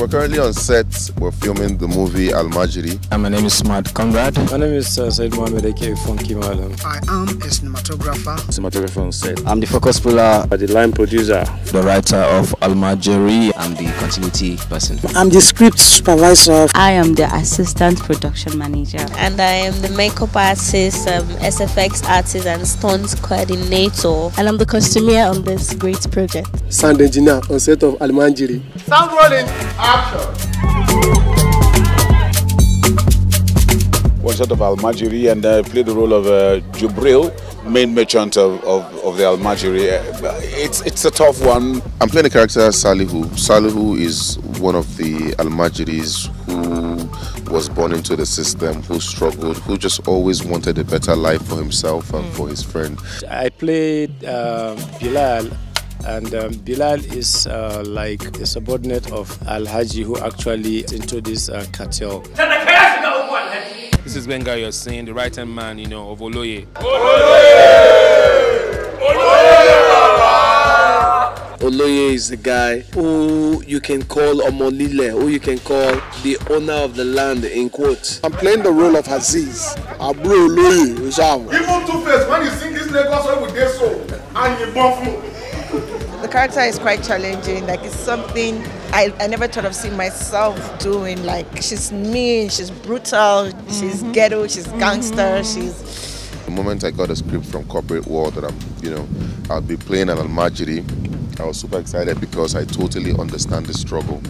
We're currently on set. We're filming the movie Almajiri. my name is Smart Conrad. My name is uh, Said Mohamed aka Funky Malam. I am a cinematographer. Cinematographer on set. I'm the focus puller. the line producer. The writer of Almajiri. I'm the continuity person. I'm the script supervisor. I am the assistant production manager. And I am the makeup artist, um, SFX artist and stunt coordinator. And I'm the costumier on this great project. Sound engineer on set of Almajiri. Sound rolling action. One shot of Almajiri and I uh, played the role of uh, Jubril, main merchant of, of, of the Almajiri. Uh, it's, it's a tough one. I'm playing the character Salihu. Salihu is one of the Almajiris who was born into the system, who struggled, who just always wanted a better life for himself and hmm. for his friend. I played uh, Bilal and um, Bilal is uh, like a subordinate of Al Haji, who actually introduced this uh, cartel. This is Benga you're seeing, the right hand man, you know, of Oloye. Oloye! is the guy who you can call Omolile, who you can call the owner of the land, in quotes. I'm playing the role of Aziz. Abro Oloye, Even Two Face, when you sing this Lagos, we did so, and you bomb character is quite challenging. Like it's something I, I never thought of seeing myself doing. Like she's mean, she's brutal, mm -hmm. she's mm-hmm. ghetto, she's mm-hmm. gangster, mm -hmm. she's. The moment I got a script from corporate world that I'm, you know, I'll be playing an Almajiri, I was super excited because I totally understand the struggle.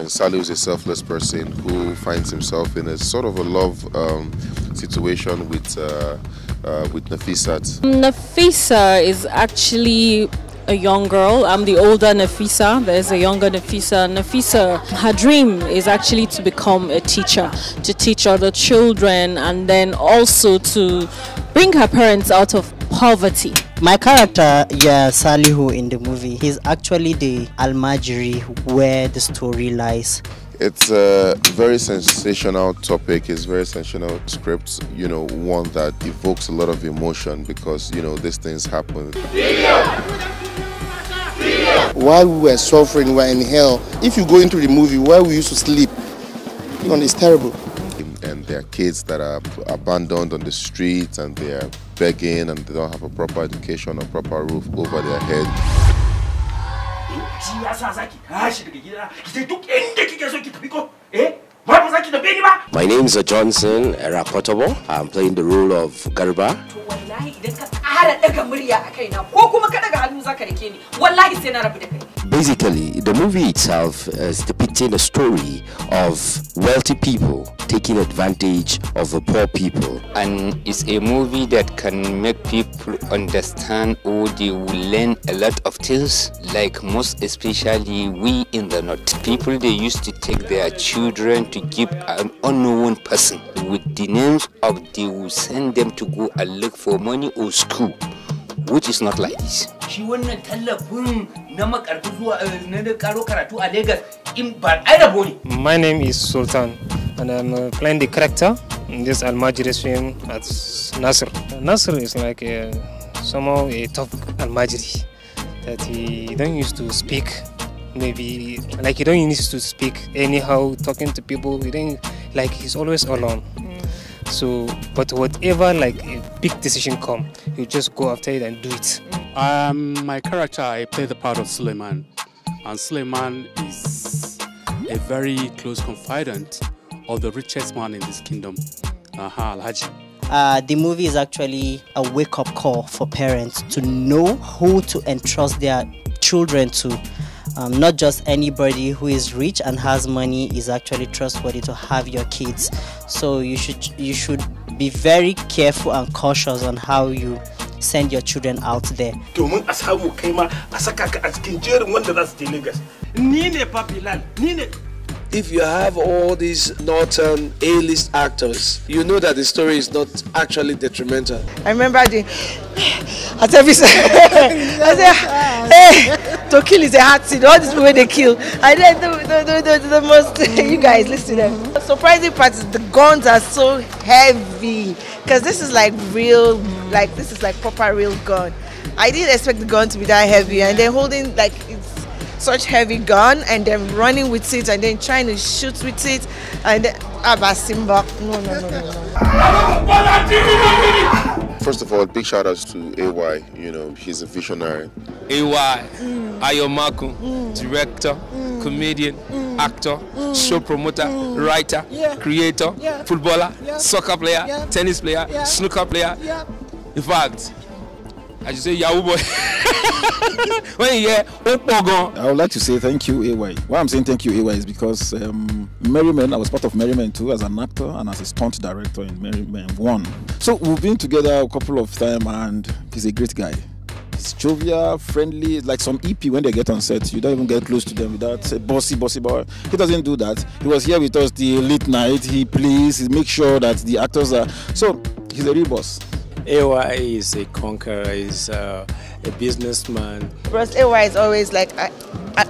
And Sally is a selfless person who finds himself in a sort of a love um, situation with. Uh, uh, with Nafisa. Nafisa is actually a young girl. I'm the older Nafisa. There's a younger Nafisa. Nafisa, her dream is actually to become a teacher, to teach other children, and then also to bring her parents out of poverty. My character, yeah, Salihu in the movie, he's actually the Almajiri where the story lies. It's a very sensational topic. It's very sensational script. You know, one that evokes a lot of emotion because you know these things happen. While we were suffering, we were in hell. If you go into the movie where we used to sleep, you know, it's terrible. And there are kids that are abandoned on the streets and they are begging and they don't have a proper education or proper roof over their head. shi yasa ki tashi daga gida ki sai duk inda kike so ki tafi ko eh ba ki tafi My name is Johnson Rapotabo. I'm playing the role of Garba. wallahi idan ka ƙara daga murya a kaina ko kuma ka daga hannu zaka rike ni wallahi sai na rabu da kai. Basically, the movie itself uh, is depicting a story of wealthy people taking advantage of the poor people. And it's a movie that can make people understand or they will learn a lot of things, like most especially we in the North. People, they used to take their children to give an unknown person with the names of they will send them to go and look for money or school which is not like this. Eh, karo karatu My name is Sultan and I'm uh, playing the character in this Almajiri's film at Nasir. Nasir is like a, uh, somehow a tough Almajiri that he don't used to speak maybe like he don't used to speak anyhow talking to people he don't like he's always alone so, but whatever like a big decision come, you just go after it and do it. Um, my character, I play the part of Suleiman, and Suleiman is a very close confidant of the richest man in this kingdom, uh -huh, Alhaji. Uh, the movie is actually a wake-up call for parents to know who to entrust their children to um, not just anybody who is rich and has money is actually trustworthy to have your kids so you should you should be very careful and cautious on how you send your children out there domin a samu kai ma a saka ka a cikin jerin wanda za su je Lagos ni ne ni ne if you have all these northern A-list actors, you know that the story is not actually detrimental. I remember the, I said, hey, to kill is a hard thing. All these people they kill. And then the, the, the, the, the most, you guys, listen to eh. them. Surprising part is the guns are so heavy. Because this is like real, like this is like proper real gun. I didn't expect the gun to be that heavy. And then holding like it's such heavy gun and then running with it and then trying to shoot with it. And then, Abba Simba. No, no, no, no. no. First of all, big shout outs to AY. You know, he's a visionary. AY, mm. Ayomaku, mm. director, mm. comedian, actor, mm. show promoter, mm. writer, yeah. creator, yeah. footballer, yeah. soccer player, tennis player, snooker player. In fact, I say Yahoo boy. when you hear oh, I would like to say thank you, AY. Why I'm saying thank you, AY, is because um, Merryman, I was part of Merryman too as an actor and as a stunt director in Merryman 1. So we've been together a couple of times and he's a great guy. He's jovial, friendly, like some EP when they get on set. You don't even get close to them without a bossy, bossy boy. He doesn't do that. He was here with us the late night. He plays, he makes sure that the actors are. So he's a real boss. AY is a conqueror, is uh, a businessman. Whereas AY is always like I,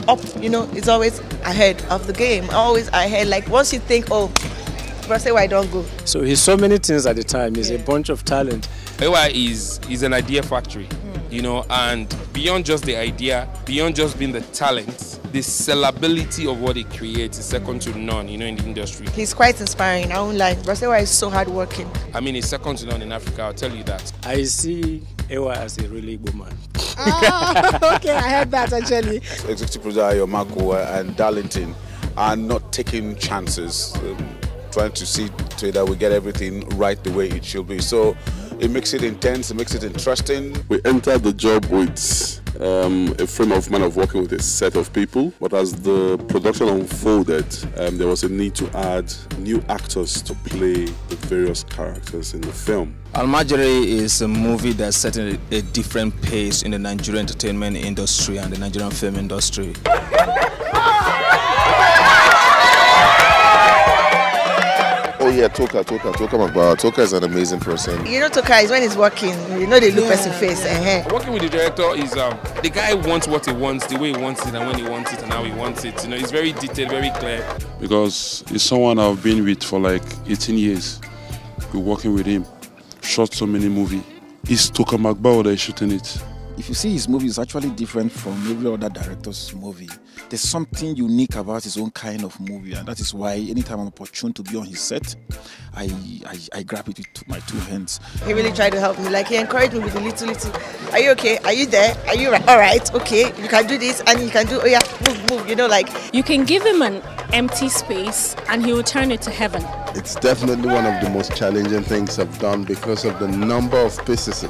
up, you know, it's always ahead of the game, always ahead. Like once you think, oh, Bros AY don't go. So he's so many things at the time, he's yeah. a bunch of talent. AY is, is an idea factory, mm. you know, and beyond just the idea, beyond just being the talent, the sellability of what he creates is second to none, you know, in the industry. He's quite inspiring, I do not lie. Brasilewa is so hardworking. I mean, he's second to none in Africa, I'll tell you that. I see Ewa as a really good man. oh, okay, I heard that actually. Executive producer Yomako uh, and Darlington are not taking chances, um, trying to see to that we get everything right the way it should be. So it makes it intense, it makes it interesting. We enter the job with um, a frame of mind of working with a set of people. But as the production unfolded, um, there was a need to add new actors to play the various characters in the film. Almajere is a movie that's setting a different pace in the Nigerian entertainment industry and the Nigerian film industry. yeah, Toka, Toka, Toka Magbawa. Toka is an amazing person. You know, Toka is when he's working, you know, they look yeah. person face. Uh-huh. Working with the director is um, the guy wants what he wants, the way he wants it, and when he wants it, and how he wants it. You know, it's very detailed, very clear. Because it's someone I've been with for like 18 years. We're working with him, shot so many movies. It's Toka Magbawa that is shooting it if you see his movie, it's actually different from every other director's movie. There's something unique about his own kind of movie, and that is why anytime I'm opportune to be on his set, I, I, I grab it with my two hands. He really tried to help me. Like he encouraged me with a little, little. Are you okay? Are you there? Are you right? all right? Okay, you can do this, and you can do. Oh yeah, move, move. You know, like you can give him an empty space, and he will turn it to heaven. It's definitely one of the most challenging things I've done because of the number of pieces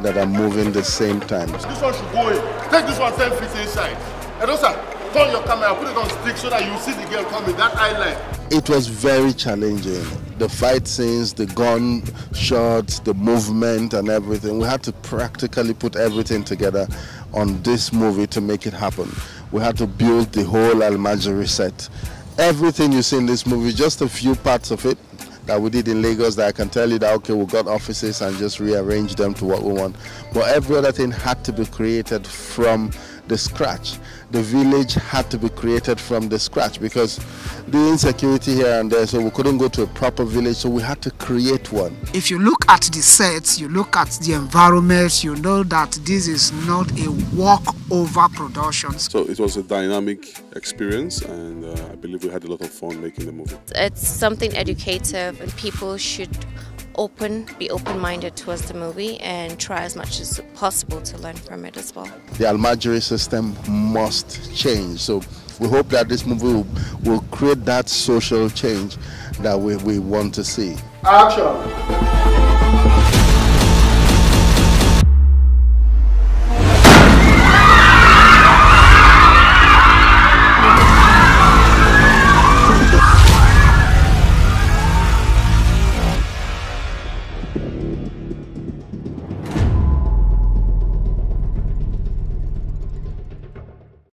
that are moving the same time. This one should go in. Take this one, Ten feet inside. Hello, sir. Turn your camera, put it on stick so that you see the girl coming, that It was very challenging. The fight scenes, the gun shots, the movement and everything. We had to practically put everything together on this movie to make it happen. We had to build the whole Almajiri set. Everything you see in this movie, just a few parts of it, that we did in Lagos that I can tell you that okay, we got offices and just rearrange them to what we want. But every other thing had to be created from the scratch. The village had to be created from the scratch because the insecurity here and there, so we couldn't go to a proper village, so we had to create one. If you look at the sets, you look at the environment, you know that this is not a walk-over production. So it was a dynamic experience, and uh, I believe we had a lot of fun making the movie. It's something educative, and people should open, be open-minded towards the movie and try as much as possible to learn from it as well. The Almajiri system must change. So we hope that this movie will, will create that social change that we, we want to see. Action!